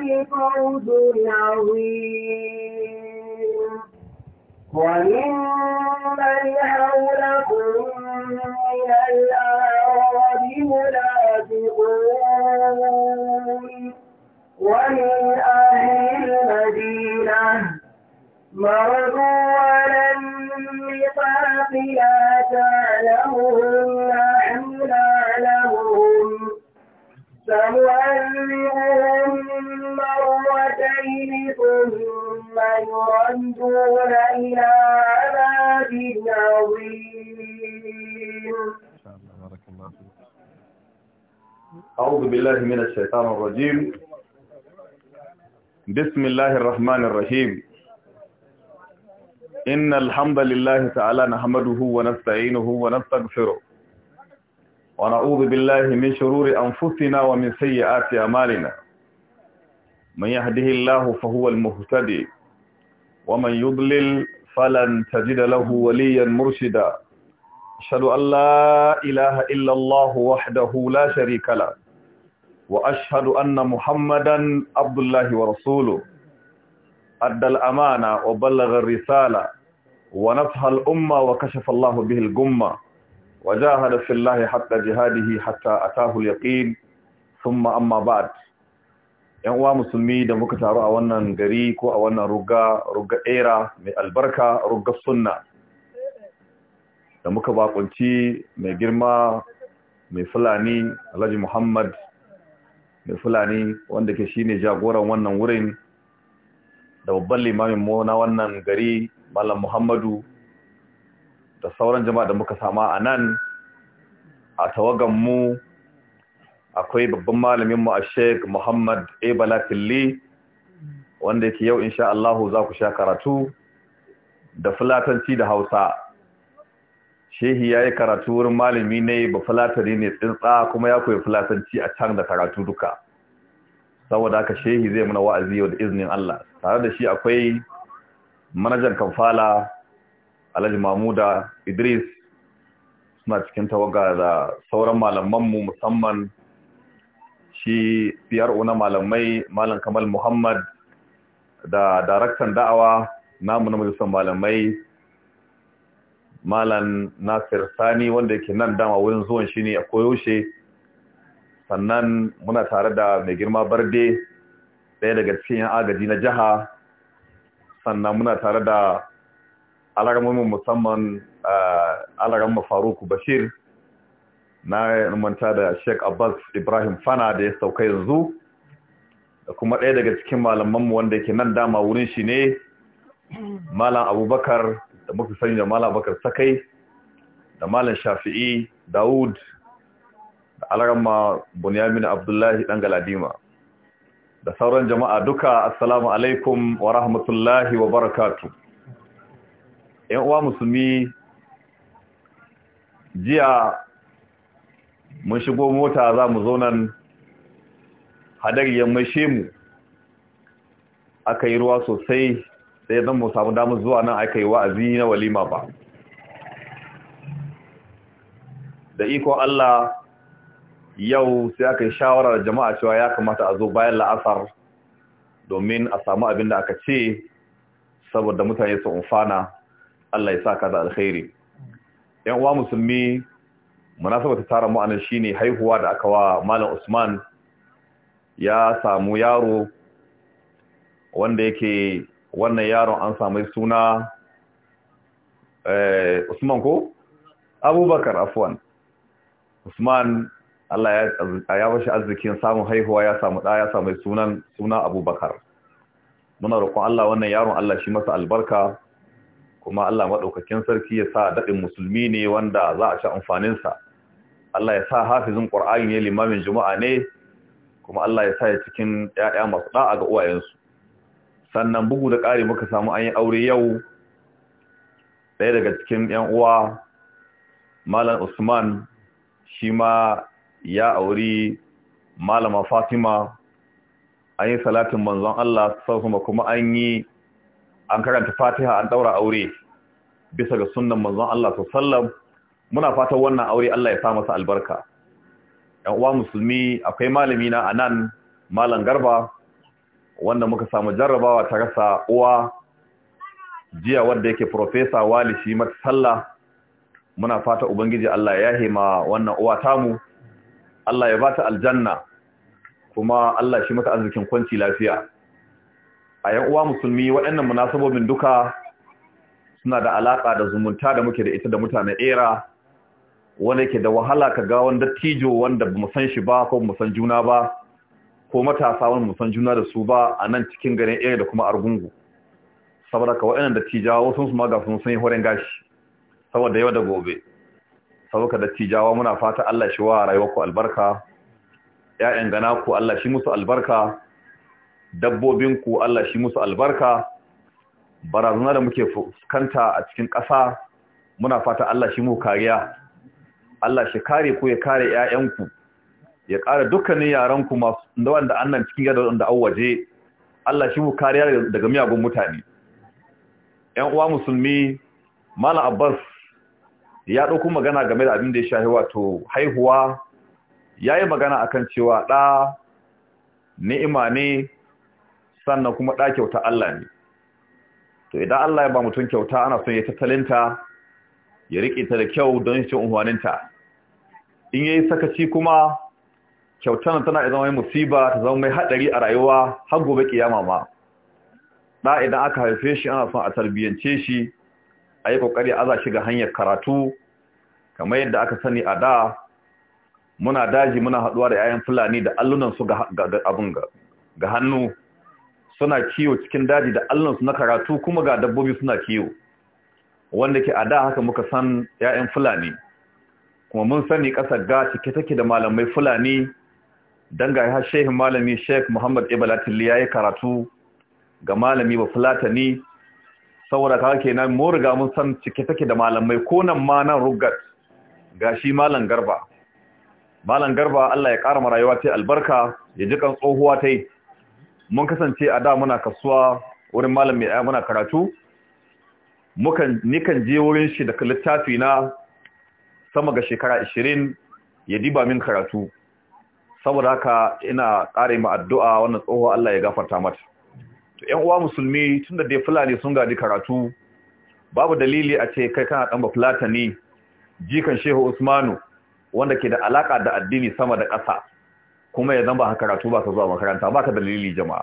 الفوز العظيم وممن حولكم من الأعراب منافقون ومن أهل المدينة مرضوا على النفاق لا تعلمهم سنعذبهم مرتين ثم يردون إلى عذاب عظيم أعوذ بالله من الشيطان الرجيم بسم الله الرحمن الرحيم إن الحمد لله تعالى نحمده ونستعينه ونستغفره ونعوذ بالله من شرور أنفسنا ومن سيئات أمالنا من يهده الله فهو المهتدي ومن يضلل فلن تجد له وليا مرشدا أشهد أن لا إله إلا الله وحده لا شريك له وأشهد أن محمدا عبد الله ورسوله أدى الأمانة وبلغ الرسالة ونصح الأمة وكشف الله به الجمة وجاهد في الله حتى جهاده حتى اتاه اليقين ثم اما بعد yan uwa musulmi da muka taru a wannan gari ko a wannan ruga ruga era mai albarka ruga sunna da muka bakunci mai girma mai fulani alhaji muhammad mai fulani wanda ke shine jagoran wannan wurin da babban limamin mu na wannan gari malam muhammadu da sauran jama'a da muka sama a nan a tawaganmu akwai babban malamin mu a sheik muhammad ebala killi wanda yake yau insha Allahu za ku sha karatu da fulatanci da hausa shehi ya yi karatu wurin malami ne ba fulatari ne tsintsa kuma ya koyi fulatanci a can da karatu duka saboda haka shehi zai muna wa'azi da iznin Allah tare da shi akwai manajan kamfala alhaji mamuda idris suna cikin tawaga da sauran malamanmu musamman shi PRO na malamai Malam Kamal Muhammad da daraktan da'awa namu na majalisar malamai Malam Nasir Sani wanda yake nan dama wurin zuwan shi ne a koyaushe sannan muna tare da mai girma barde ɗaya daga cikin yan agaji na jiha sannan muna tare da alaramin musamman eh, alaramin faruku bashir na manta da sheik abbas ibrahim fana da ya sauka yanzu da kuma ɗaya daga cikin malamanmu wanda yake nan dama wurin shi ne malam abubakar da muka sani da malam abubakar sakai da malam shafi'i dawud da alarama bunyamin abdullahi ɗan galadima da sauran jama'a duka assalamu alaikum wa rahmatullahi wa barakatu. yan uwa musulmi jiya mun shigo mota za mu zo nan hadari ya mu aka yi ruwa sosai sai zan mu samu damu zuwa nan aka yi wa'azi na walima ba da iko Allah yau sai aka yi shawarar jama'a cewa ya kamata a zo bayan la'asar domin a samu abin da aka ce saboda mutane su umfana Allah ya sa ka da alkhairi yan uwa musulmi munasabata taron mu anan shine haihuwa da aka wa malam Usman ya samu yaro wanda yake wannan yaron an samu suna eh Usman ko Abubakar afwan Usman Allah ya ya bashi arzikin samun haihuwa ya samu da ya samu sunan suna Abubakar muna roƙon Allah wannan yaron Allah shi masa albarka kuma Allah maɗaukakin sarki ya sa daɗin musulmi ne wanda za a sha amfaninsa Allah ya sa hafizin ƙwar'ani ne limamin juma'a ne kuma Allah ya sa ya cikin ‘ya'ya masu ɗa'a ga uwayensu sannan bugu da ƙari muka samu an yi aure yau ɗaya daga cikin ‘yan uwa malam usman shi ma ya auri malama fatima an yi salatin manzon Allah sassuma kuma an yi an karanta fatiha an daura aure bisa ga sunnan manzon Allah sallam muna fatan wannan aure Allah ya sa masa albarka ɗan uwa musulmi akwai malami na anan malam garba wanda muka samu jarrabawa ta rasa uwa jiya wanda yake professor wali shi mata sallah muna fata ubangiji Allah ya ma wannan uwa tamu Allah ya bata aljanna kuma Allah shi mata arzikin kwanci lafiya a yan uwa musulmi waɗannan munasabobin duka suna da alaƙa da zumunta da muke da ita da mutanen era wanda ke da wahala ka ga wanda tijo wanda ba san shi ba ko mu san juna ba ko matasa wanda mu san juna da su ba a nan cikin garin era da kuma argungu saboda ka waɗannan da tijawa wasu su ma ga sun san horen gashi saboda yau da gobe saboda da tijawa muna fata Allah shi wa rayuwarku albarka ya'yan gana ku Allah shi musu albarka dabbobinku Allah shi musu albarka barazana da muke fuskanta a cikin ƙasa muna fata Allah shi mu kariya Allah shi kare ku ya kare ƴaƴanku ya kare dukkanin yaranku masu da wanda annan cikin yadda wanda an waje Allah shi mu kariya daga miyagun mutane ƴan uwa musulmi Malam Abbas ya ɗauko magana game da abin da ya shahi wato haihuwa yayi magana akan cewa ɗa ni'ima ne sannan kuma ɗa kyauta Allah ne to idan Allah ya ba mutum kyauta ana son ya tattalinta ya riƙe ta da kyau don shi unhuwaninta. in yi sakaci kuma kyautar tana zama musiba ta zama mai haɗari a rayuwa har gobe ƙiyama ma da idan aka haife shi ana son a tarbiyyance shi a yi ƙoƙari aza shi ga hanyar karatu kamar yadda aka sani a da muna daji muna haɗuwa da 'ya'yan fulani da allunan su ga abin ga hannu suna kiwo cikin daji da su na karatu kuma ga dabbobi suna kiwo. wanda ke a da haka muka san 'ya'yan fulani kuma mun sani ƙasar ga cike take da malamai fulani don ga ya shehin malami sheik muhammad ibalatilli ya yi karatu ga malami ba fulatani saboda ka ke na mu riga mun san cike take da malamai ko nan ma nan rugat ga shi malam garba malam garba allah ya ƙara marayuwa ta albarka ya ji kan tsohuwa ta yi mun kasance a da muna kasuwa wurin malam mai muna karatu mukan nikan je wurin shi da littafi na sama ga shekara 20 ya diba min karatu saboda haka ina ƙare ma addu'a wannan tsoho Allah ya gafarta mata to ƴan uwa musulmi tunda dai fulani sun gadi karatu babu dalili a ce kai kana dan bafulatani jikan shehu Usmanu wanda ke da alaka da addini sama da ƙasa kuma ya zama karatu ba ka zuwa makaranta ba ka dalili jama'a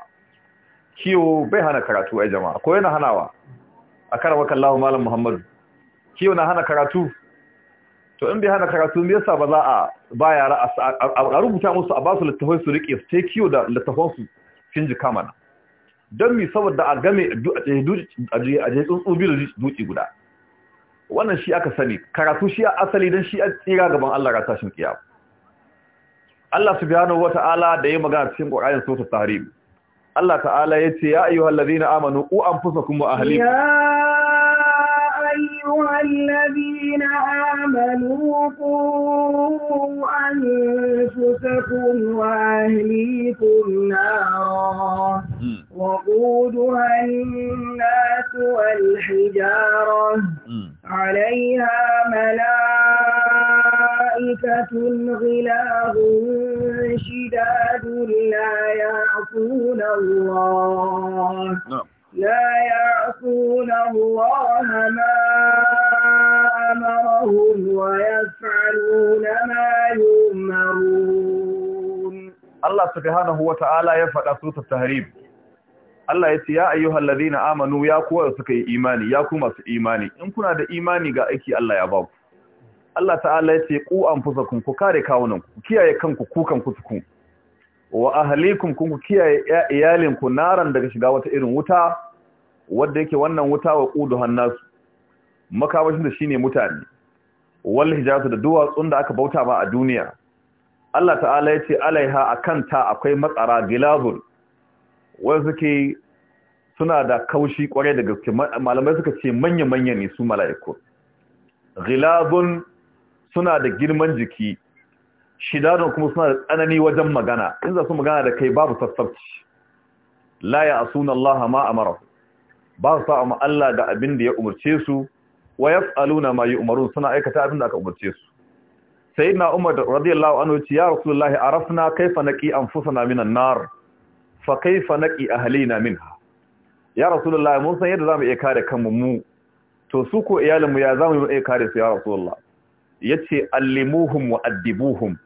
kiwo bai hana karatu ai jama'a ko yana hanawa a karwa kallahu malam muhammadu kiwo na hana karatu to in bai hana karatu me yasa ba za a ba yara a rubuta musu a basu littafai su rike su ta kiwo da littafan su kin ji kamana don mi saboda a game a je tsuntsu biyu da dutse guda wannan shi aka sani karatu shi a asali dan shi a tsira gaban Allah ra tashin kiyama Allah subhanahu wata'ala da ya magana cikin Qur'anin sura Tahrim Allah ta'ala yace ya ayyuhallazina amanu qu anfusakum wa ahlikum ya ayyuhallazina amanu qu anfusakum wa ahlikum nara waquduha an-nas wal hijara 'alayha malaa ملائكة غلاظ شداد لا يعصون الله لا يعصون الله ما أمرهم ويفعلون ما يؤمرون الله سبحانه وتعالى يفعل سورة التهريب Allah ya ce ya ayyuhal ladina amanu ya kowa suka yi imani ya kuma su imani in kuna da imani ga aiki Allah ya ba ku Allah ta'ala ya ce ku anfusakum ku kare kawunanku ku kiyaye kanku ku tukun wa ahlikum kun ku kiyaye iyalinku naran daga shiga wata irin wuta wanda yake wannan wuta wa qudu hannasu makamashin da shine mutane wal hijazu da duwatsun da aka bauta ba a duniya Allah ta'ala ya ce alaiha akanta akwai matsara gilazul wanda suke suna da kaushi kwarai da gaske malamai suka ce manya-manya ne su mala'iku. Ghilazun suna da girman jiki shidaron kuma suna da tsanani wajen magana in za su magana da kai babu sassabci la ya asuna Allah ma amara ba su sa'a ma Allah da abin da ya umarce su wa yaf'aluna ma yu'marun suna aikata abin da aka umarce su sayyidina Umar radiyallahu anhu ce ya rasulullahi arafna kaifa naqi anfusana minan nar fa kaifa naqi ahlina minha ya lahi mun san yadda zamu iya kare kanmu mu to su ko iyalinmu ya zamu iya kare su ya lahi. Ya ce, allimuhum wa addibuhum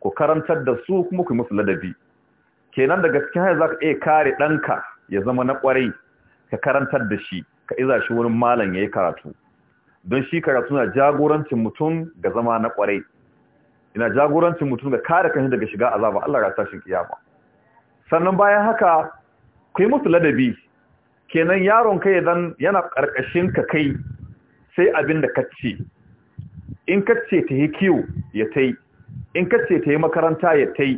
ku karantar da su kuma ku musu ladabi kenan daga cikin haya zaka iya kare ɗanka ya zama na ƙwarai ka karantar da shi ka iza shi wurin malam ya yi karatu don shi karatu na jagorancin mutum ga zama na ƙwarai, ina jagorancin mutum ga kare kanshi daga shiga azaba Allah ya tashi kiyama sannan bayan haka yi musu ladabi kenan yaron kai dan yana karkashin ka kai sai abin da ka ci. in kace ta yi kiwo ya ta yi in kace ta yi makaranta ya ta yi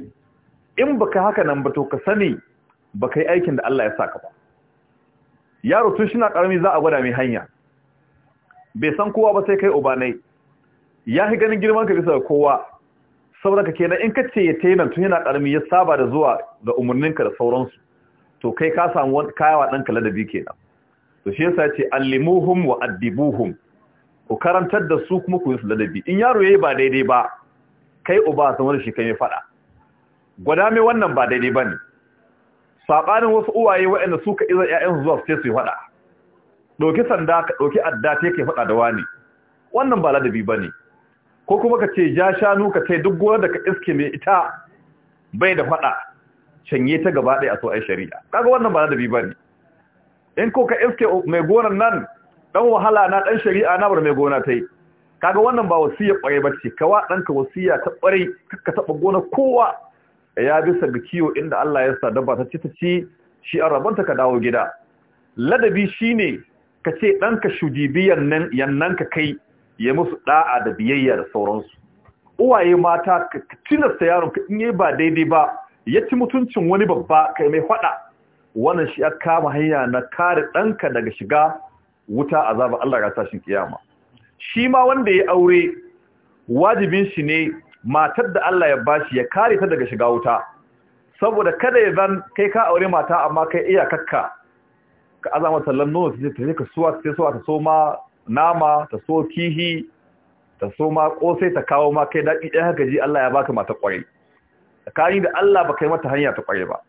in baka haka nan ba to ka sani ba ka yi aikin da Allah ya sa ka ba yaro tun shina karami za a gwada mai hanya bai san kowa ba sai kai ubanai ya fi ganin girman ka bisa kowa saboda ka kenan in kace ya ta yi nan tun yana karami ya saba da zuwa ga umarninka da sauransu to kai ka samu kayawa ɗanka ladabi kenan to shi yasa ce allimuhum wa addibuhum ku karantar da su kuma ku yi su ladabi in yaro ya yi ba daidai ba kai uba san da shi kan yi fada gwada mai wannan ba daidai ba ne. Saɓanin wasu uwaye waɗanda ka izar ya'yan zuwa ce su yi fada Ɗauki sanda ka ɗauki adda ta kai fada da wani wannan ba ladabi ba ne. ko kuma ka ce ja shanu ka kai duk gona da ka iske mai ita bai da fada canye ta gaba ɗaya a so ai shari'a kaga wannan ba ladabi ba ne. in ko ka iske mai gonar nan dan wahala na dan shari'a na bar mai gona ta yi kaga wannan ba wasiyar kware ba ce kawa ɗanka wasiya ta ƙware ka taba gona kowa ya bisa ga kiwo inda Allah ya sa dabba ta ci ta ci shi an ta ka dawo gida ladabi shine ka ce ɗanka shujibiyan nan yannan ka kai ya musu ɗa'a da biyayya da sauransu uwaye mata ka sa yaron ka in yi ba daidai ba ya ci mutuncin wani babba kai mai faɗa wannan shi ya kama hanya na kare danka daga shiga wuta azaba Allah ga tashin kiyama shi ma wanda ya aure wajibin shi ne matar da Allah ya bashi ya kare ta daga shiga wuta saboda kada ya zan kai ka aure mata amma kai iya kakka ka azama sallan nono sai ta ka suwa sai suwa ta soma nama ta so kihi ta soma kosai ta kawo ma kai daki ɗaya haka ji Allah ya baka mata kwarai tsakani da Allah ba kai mata hanya ta kwarai ba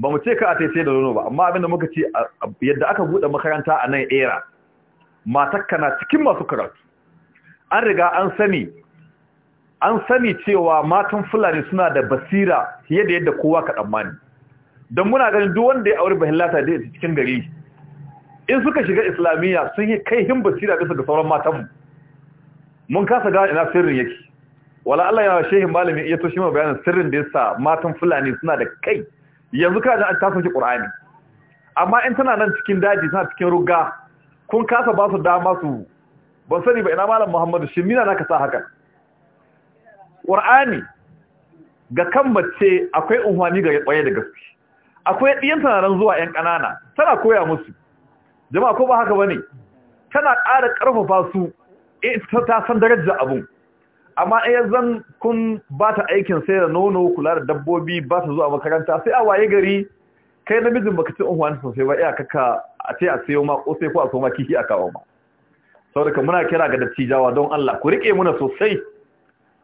ba mu ce ka a taisai da nono ba amma abinda muka ce yadda aka buɗe makaranta a nan era matakka na cikin masu karatu an riga an sani an sani cewa matan fulani suna da basira fiye da yadda kowa ka tsammani don muna ganin duk wanda ya aure bahillata da yake cikin gari in suka shiga islamiyya sun yi hin basira bisa ga sauran matanmu mun kasa gane ina sirrin yake wala Allah yana shehin malami ya toshe ma bayanin sirrin da yasa matan fulani suna da kai yanzu ka ji an taso Qur'ani amma in tana nan cikin daji tana cikin ruga kun kasa ba su dama su ban sani ba ina malam muhammadu shi mina na ka sa haka ƙwar'ani ga kan mace akwai unhwani ga ƙwaye da gaske akwai ɗiyan tunanin zuwa 'yan ƙanana tana koya musu jama'a ko ba haka ba ne tana ƙara ƙarfafa su ita eh, ta san darajar abun amma ɗaya zan kun ba ta aikin sai da nono kula da dabbobi ba ta zuwa makaranta sai a waye gari kai namijin baka ci unhwani sosai ba iya kaka a ce a sayo ma ko sai ko a so ma kifi a kawo ma saboda muna kira ga dattijawa don Allah ku rike muna sosai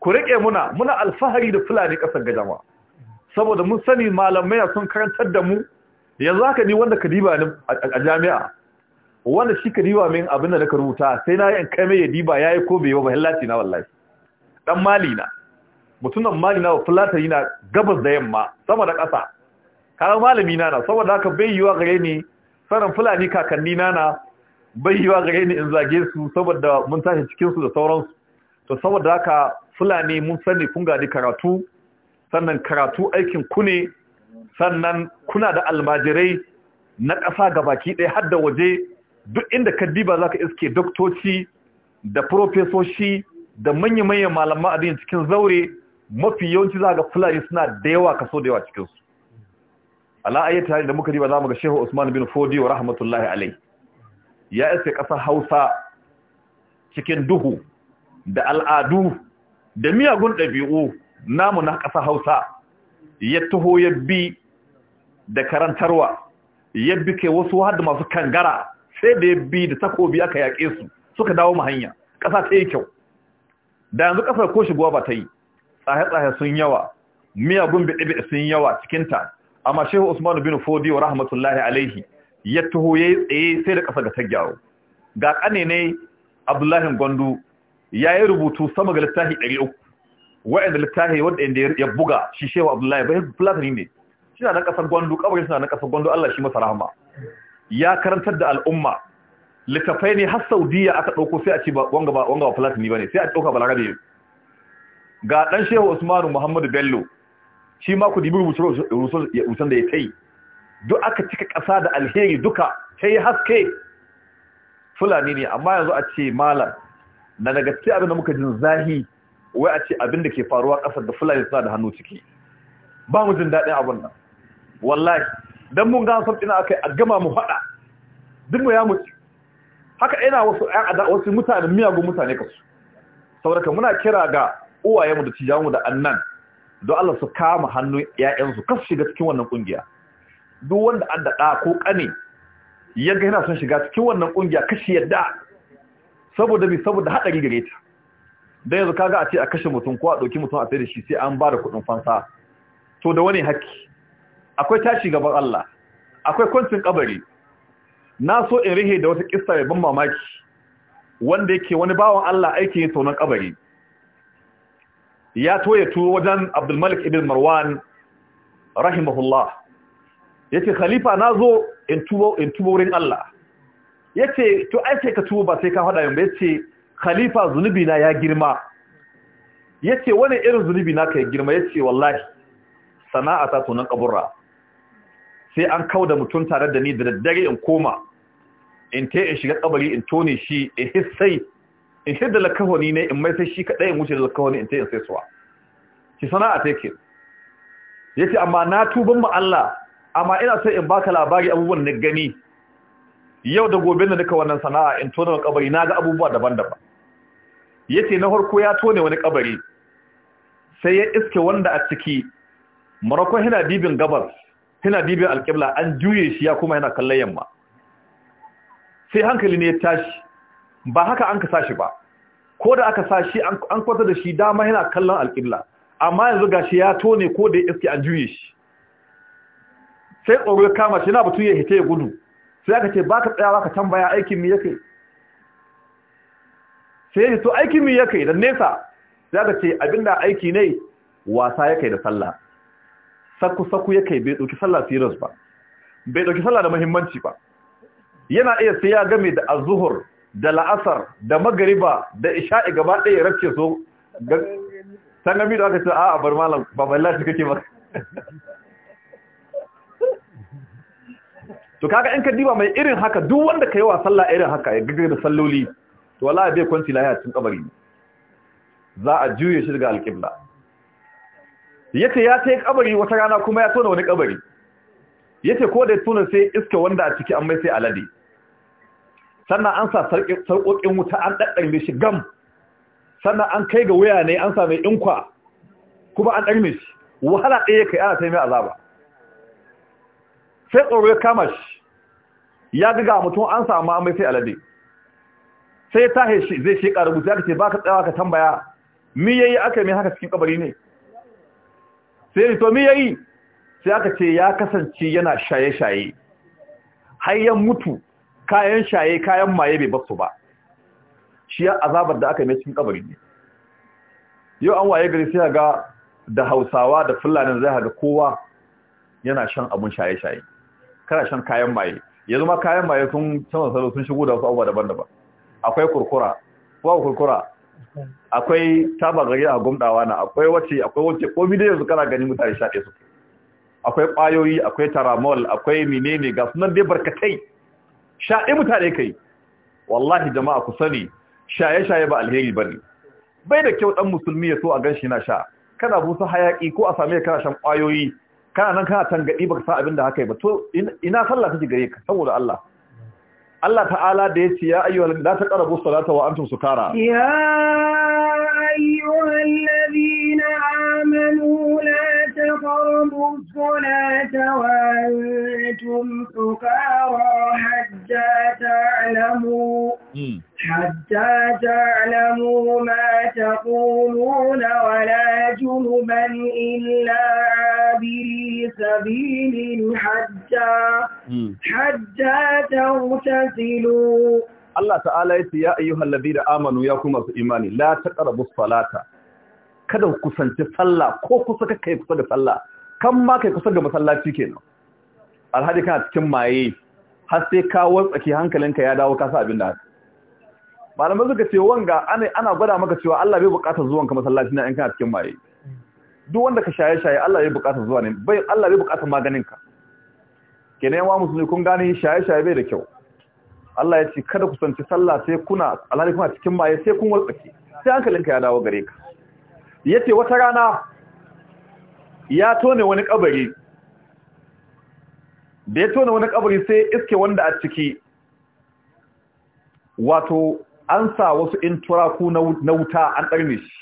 ku rike muna muna alfahari da fulani kasar ga jama'a saboda mun sani malamai sun karantar da mu yanzu haka ni wanda kadiba ne a jami'a wanda shi kadiba min abin da na rubuta sai na yi an kai mai yadiba yayi ko bai ba bahillaci na wallahi dan mali na mutunan mali na fulatari na gabas da yamma sama da ƙasa Kawai malami na na saboda haka bai yiwa gare ni sanin fulani kakanni na na wa gare ni in zage su saboda mun tashi cikin su da sauransu to saboda haka fulani mun sani kun gadi karatu sannan karatu aikin ku ne sannan kuna da almajirai na ƙasa ga baki ɗaya har da waje duk inda ka diba za ka iske doktoci da profesoshi da manya-manyan malaman addini cikin zaure mafi yawanci za ga fulani suna da yawa kaso da yawa cikinsu ala ayyata da muka riba zamu ga Shehu Usman bin Fodi wa rahmatullahi alayhi ya isa kasar Hausa cikin duhu da al'adu da miyagun ɗabi'u namu na kasar Hausa ya taho ya bi da karantarwa ya bi ke wasu hadda masu kangara sai da ya bi da takobi aka yaƙe su suka dawo mu hanya ƙasa ta yi kyau da yanzu kasar ko shigowa ba ta yi tsaye-tsaye sun yawa miyagun biɗe-biɗe sun yawa cikinta amma shehu usman bin fodi wa rahmatullahi alaihi ya taho yayi tsaye sai da ƙasa ga tagyawo ga kane ne abdullahi gondu yayi rubutu sama ga littafi 300 wa'anda littafi wanda ya buga shi shehu abdullahi bai platini ne shi na kasar gwandu kabarin suna na kasar gwandu Allah shi masa rahama ya karantar da al'umma littafai ne har saudiya aka ɗauko sai a ce wanga ba wanga ba ne, bane sai a ɗauka balarabe ga ɗan shehu usmanu muhammadu bello shi ma ku dibi rubutun da ya kai? duk aka cika ƙasa da alheri duka ta yi haske fulani ne amma yanzu a ce malam na daga ce abin da muka jin zahi wai a ce abin da ke faruwa ƙasar da fulani suna da hannu ciki ba mu jin daɗin abin nan wallahi don mun gano sabtina aka yi a gama mu haɗa duk mu ya mutu haka ina wasu wasu mutane miyagun mutane kasu saboda muna kira ga uwayenmu da cijanmu da annan don Allah su kama hannun ‘ya'yansu kasu shiga cikin wannan ƙungiya duk wanda an daɗa ko ƙane yadda yana son shiga cikin wannan ƙungiya kashi yadda saboda mai saboda haɗari gare ta don yanzu kaga a ce a kashe mutum ko a ɗauki mutum a sai da shi sai an ba da kuɗin fansa to da wani haƙƙi akwai tashi gaban Allah akwai kwancin kabari na so in rihe da wata ƙista mai ban mamaki wanda yake wani bawan Allah aiki ne tonon kabari ya toye tuwo wajen abdulmalik ibn marwan rahimahullah yace ce nazo na zo in tubo wurin Allah ya ce to ai sai ka tubo ba sai ka faɗa yin yace ya ce khalifa zunubi na ya girma yace ce wani irin zunubi na ka ya girma Yace wallahi sana'a ta tunan kaburra sai an kau da mutum tare da ni da daddare in koma in te in shiga kabari in tone shi in hissai in da lakahoni ne in mai sai shi kaɗai in wuce da lakahoni in ce in sai suwa ki sana'a ta yake ya ce amma na tuban ma Allah amma ina sai in baka labari abubuwan na gani yau da gobe da duka wannan sana'a in tona wani kabari na ga abubuwa daban-daban ya ce na farko ya tone wani kabari sai ya iske wanda a ciki marakon yana dibin gabas dibin alƙibla an juye shi ya kuma yana kallon yamma sai hankali ne ya tashi ba haka an ka shi ba ko da aka sashi an kwata da shi dama yana kallon alƙibla amma yanzu gashi ya tone ko da ya iske an juye shi sai tsoro ya kama shi na batun ya hita ya gudu sai aka ce ba ka tsaya ka tambaya aikin mi kai, sai ya to aikin mi kai da nesa sai aka ce abinda aiki ne wasa ya kai da sallah saku saku kai bai dauki sallah serious ba bai dauki sallah da muhimmanci ba yana iya sai ya game da azhur da la'asar da magariba da isha'i gaba ɗaya rafce so san gami da aka ce a abar malam ba balla shi kake ba to kaga in ka diba mai irin haka duk wanda ka yi wa sallah irin haka ya da salloli to ya bai kwanci lahiya cikin kabari za a juye shi daga alƙibla Ya ce ya ce kabari wata rana kuma ya tona wani kabari ce ko da ya tona sai iska wanda a ciki an mai sai alade sannan an sa sarƙoƙin wuta an ɗaɗɗarme shi gam sannan an kai ga wuya ne an sami inkwa kuma an ɗarme shi wahala ɗaya kai ana taimai a azaba sai tsoro ya kama shi ya ga mutum an samu sai alade sai ya tahe shi zai shi ƙarar mutu ya kace ba ka tsawa ka tambaya mi yayi aka mai haka cikin kabari ne sai ya to mi yayi sai aka ce ya kasance yana shaye-shaye har ya mutu kayan shaye kayan maye bai basu ba shi ya azabar da aka yi cikin kabari ne yau an waye gari sai ga da hausawa da fulani zai haga kowa yana shan abun shaye-shaye kana shan kayan maye yanzu ma kayan maye sun canza salo sun shigo da wasu abubuwa daban-daban akwai kurkura babu kurkura akwai taba gari a gumdawa na akwai wace akwai wace ko da yanzu kana gani mutane sha ɗaya su akwai ƙwayoyi akwai taramol akwai menene ga sunan dai barkatai sha'i mutane kai wallahi jama'a ku sani shaye-shaye ba alheri bane bai da kyau dan musulmi ya so a ganshi na sha kana busa hayaki ko a same kana shan kwayoyi kana nan kana tangadi baka sa abin da haka ba to ina sallah take gare ka saboda Allah Allah ta'ala da yace ya ayyuhal la taqrabu salata wa antum sukara ya ayyuhal ladina amanu la taqrabu salata wa antum sukara حتى تعلموا حتى تعلموا ما تقولون ولا جنبا إلا عابري سبيل حتى حتى تغتسلوا Allah ta'ala ya ce ya ayyuhal ladina amanu ya kuma su imani la taqrabu salata kada ku kusanci sallah ko kusa kai kusa da sallah kan ma kai kusa ga masallaci kenan alhaji kana cikin maye har sai ka wartsake hankalinka ya dawo kasa abin da haka. malamai suka ce wanga ana gwada maka cewa Allah bai bukatar zuwanka masallaci na in kana cikin maye duk wanda ka shaye-shaye Allah bai bukatar zuwa ne bai Allah bai bukatar Ke kenan yawa musulmi kun gane shaye-shaye bai da kyau Allah ya ce kada ku sanci sallah sai kuna alhali kuna cikin maye sai kun wartsake sai hankalinka ya dawo gare ka yace wata rana ya tone wani kabari da ya tona wani kabari sai iske wanda a ciki wato an sa wasu turaku na wuta an ɗarni shi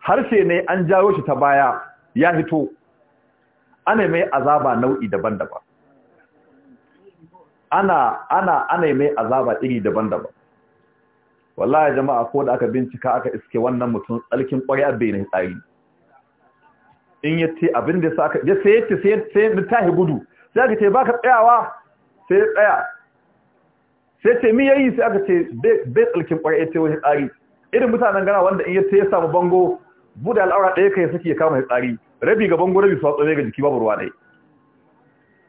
harshe ne an jawo shi ta baya ya hito ana mai azaba nau'i daban-daban ana ana ana mai azaba iri daban-daban wallahi jama'a ko da aka bincika aka iske wannan mutum tsalkin ƙwarya bai na tsari in yace abin da saka ya sai sai sai ta gudu sai aka ce baka tsayawa sai tsaya sai ce mi yayi sai aka ce bai tsalkin kwarai wani tsari irin mutanen gana wanda in yace ya samu bango buɗe al'aura ɗaya kai saki ya kama tsari rabi ga bango rabi su tsare ga jiki babu ruwa ɗaya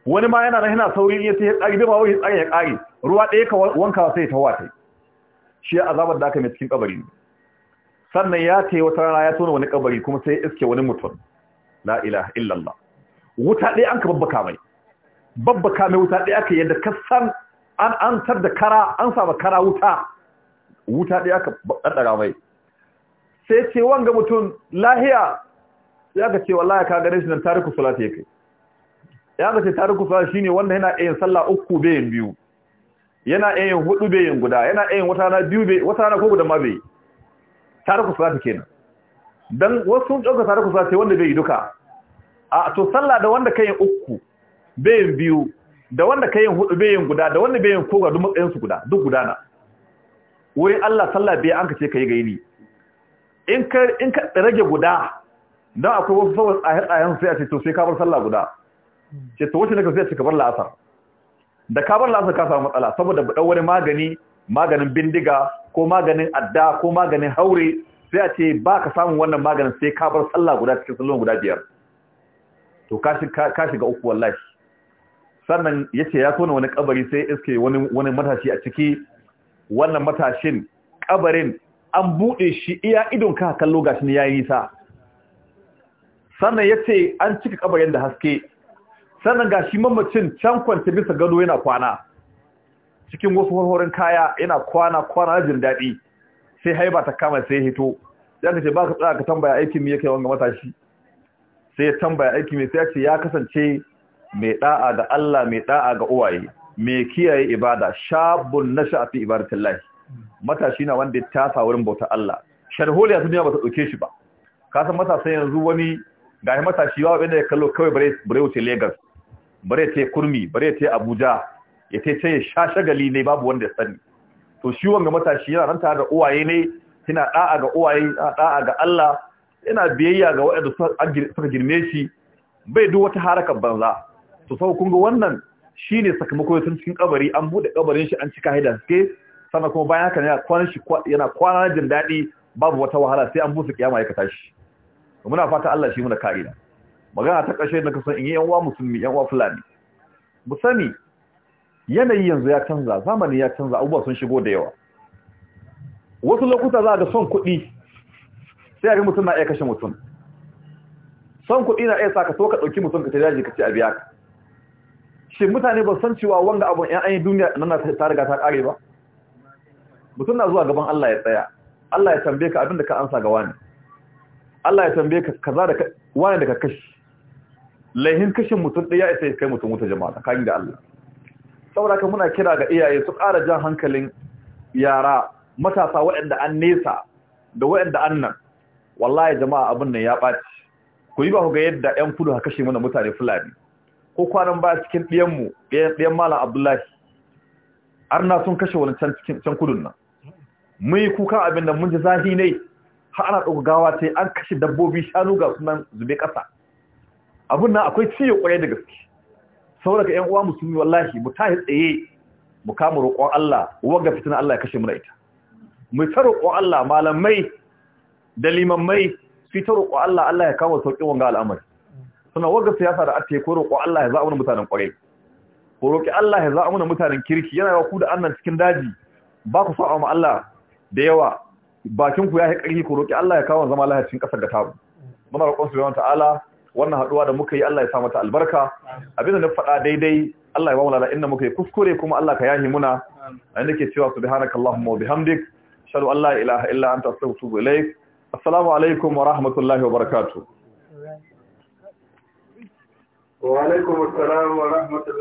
wani ma yana nan yana sauri in yace ya tsari bai ba wani tsari ya ƙari ruwa ɗaya ka wanka sai ya wata shi shi azabar da aka mai cikin kabari sannan ya ce wata rana ya tona wani kabari kuma sai ya iske wani mutum la ilaha illallah wuta ɗaya an ka babbaka mai babba kame wuta ɗaya aka yadda san an an tar da kara an saba kara wuta wuta ɗaya aka ɗaɗɗara mai sai ce wanga mutum lahiya ya ka ce wallahi ka gare shi nan tariku salati yake ya ka ce tariku salati shine wanda yana yin sallah uku yin biyu yana yin hudu yin guda yana yin wata na biyu bai wata na ko guda ma bai tariku salati kenan dan wasu sun dauka tariku salati wanda bai duka a to sallah da wanda kai uku bayin biyu da wanda ka yin hudu bayin guda da wanda bayin koga duk matsayinsu guda duk gudana wurin Allah sallah bai an ka ce ka yi gaini in ka in ka rage guda don akwai wasu tsaye tsayen sai a ce to sai ka bar sallah guda ce to wace ne ka sai a ce ka bar la'asar da ka bar la'asar ka samu matsala saboda bu wani magani maganin bindiga ko maganin adda ko maganin haure sai a ce ba ka samun wannan maganin sai ka bar sallah guda cikin sallon guda biyar to ka shiga uku wallahi sannan ya ce ya tona wani kabari sai iske wani matashi a ciki wannan matashin kabarin an buɗe shi iya idon ka kallo gashi ne ya yi nisa sannan ya ce an cika kabarin da haske sannan gashi mamacin can kwanci bisa gado yana kwana cikin wasu horhorin kaya yana kwana kwana jin daɗi sai haiba ta kama sai hito ya ka ce ba ka tsaya ka tambaya aikin me yake wanga matashi sai ya tambaya aikin me sai ya ce ya kasance mai da'a ga Allah mai da'a ga uwaye mai kiyaye ibada shabun nasha fi ibadatillahi matashi na wanda ya tasa wurin bauta Allah sharholiya duniya ba ta dauke shi ba ka san matasan yanzu wani gashi matashi ba wanda ya kallo kawai bare bare wuce Lagos bare Kurmi bare ce Abuja ya ce ce sha shagali ne babu wanda ya sani to shi wanga matashi yana ranta tare da uwaye ne tana da'a ga uwaye da'a ga Allah yana biyayya ga waɗanda suka girme shi bai duk wata harakar banza to sau kun ga wannan ne sakamako ya cikin kabari an bude kabarin shi an cika haidar suke sannan kuma bayan haka yana kwana jin daɗi babu wata wahala sai an busa kiyama ya kata shi muna fata Allah shi muna da magana ta ƙarshe na kasan in yi yan uwa musulmi yan uwa fulani mu sani yanayi yanzu ya canza zamani ya canza abubuwa sun shigo da yawa wasu lokuta za ga son kuɗi sai ga mutum na iya kashe mutum son kuɗi na iya sa ka so ka ɗauki mutum ka ta daji ka ce a biya ka shi mutane ba san cewa wanga abun ƴan ainihin duniya nan ta riga ta ƙare ba mutum na zuwa gaban Allah ya tsaya Allah ya tambaye ka abinda ka ansa ga wani Allah ya tambaye ka kaza da wani da ka kashi laihin kashin mutum ɗaya isa ya kai mutum wuta jama'a tsakanin da Allah saboda ka muna kira ga iyaye su ƙara jan hankalin yara matasa waɗanda an nesa da waɗanda an nan wallahi jama'a abin nan ya ɓaci ku yi ba ku ga yadda 'yan kudu ha kashe mana mutane fulani ko kwanan ba cikin ɗiyanmu ɗiyan malam abdullahi arna sun kashe wani can kudin nan mun yi kuka abin da mun ji zahi ne har ana ɗauka gawa ta an kashe dabbobi shanu ga sunan zube ƙasa abin nan akwai ciye ƙwarai da gaske saboda ‘yan uwa musulmi wallahi mu tahi tsaye mu kama roƙon Allah wanga fitina Allah ya kashe mu na ita mu ta roƙon Allah malamai da limammai su ta roƙon Allah Allah ya kama sauƙin wanga al'amari suna waga siyasa da ake ko roƙo Allah ya za'a mutanen ƙwarai ko roƙi Allah ya za'a mutanen kirki yana yawa ku da annan cikin daji ba ku sa'a ma Allah da yawa bakin ku ya yi ƙarfi ko roƙi Allah ya kawo zama lahacin ƙasar da tabu muna roƙon subhanahu ta'ala wannan haɗuwa da muka yi Allah ya sa mata albarka abinda na faɗa daidai Allah ya ba mu lada inda muka yi kuskure kuma Allah ka yahi muna a inda ke cewa subhanakallahumma wa bihamdik ashhadu an la ilaha illa anta astaghfiruka wa atubu ilaik assalamu alaikum wa rahmatullahi wa barakatuh wa alaikum assalam wa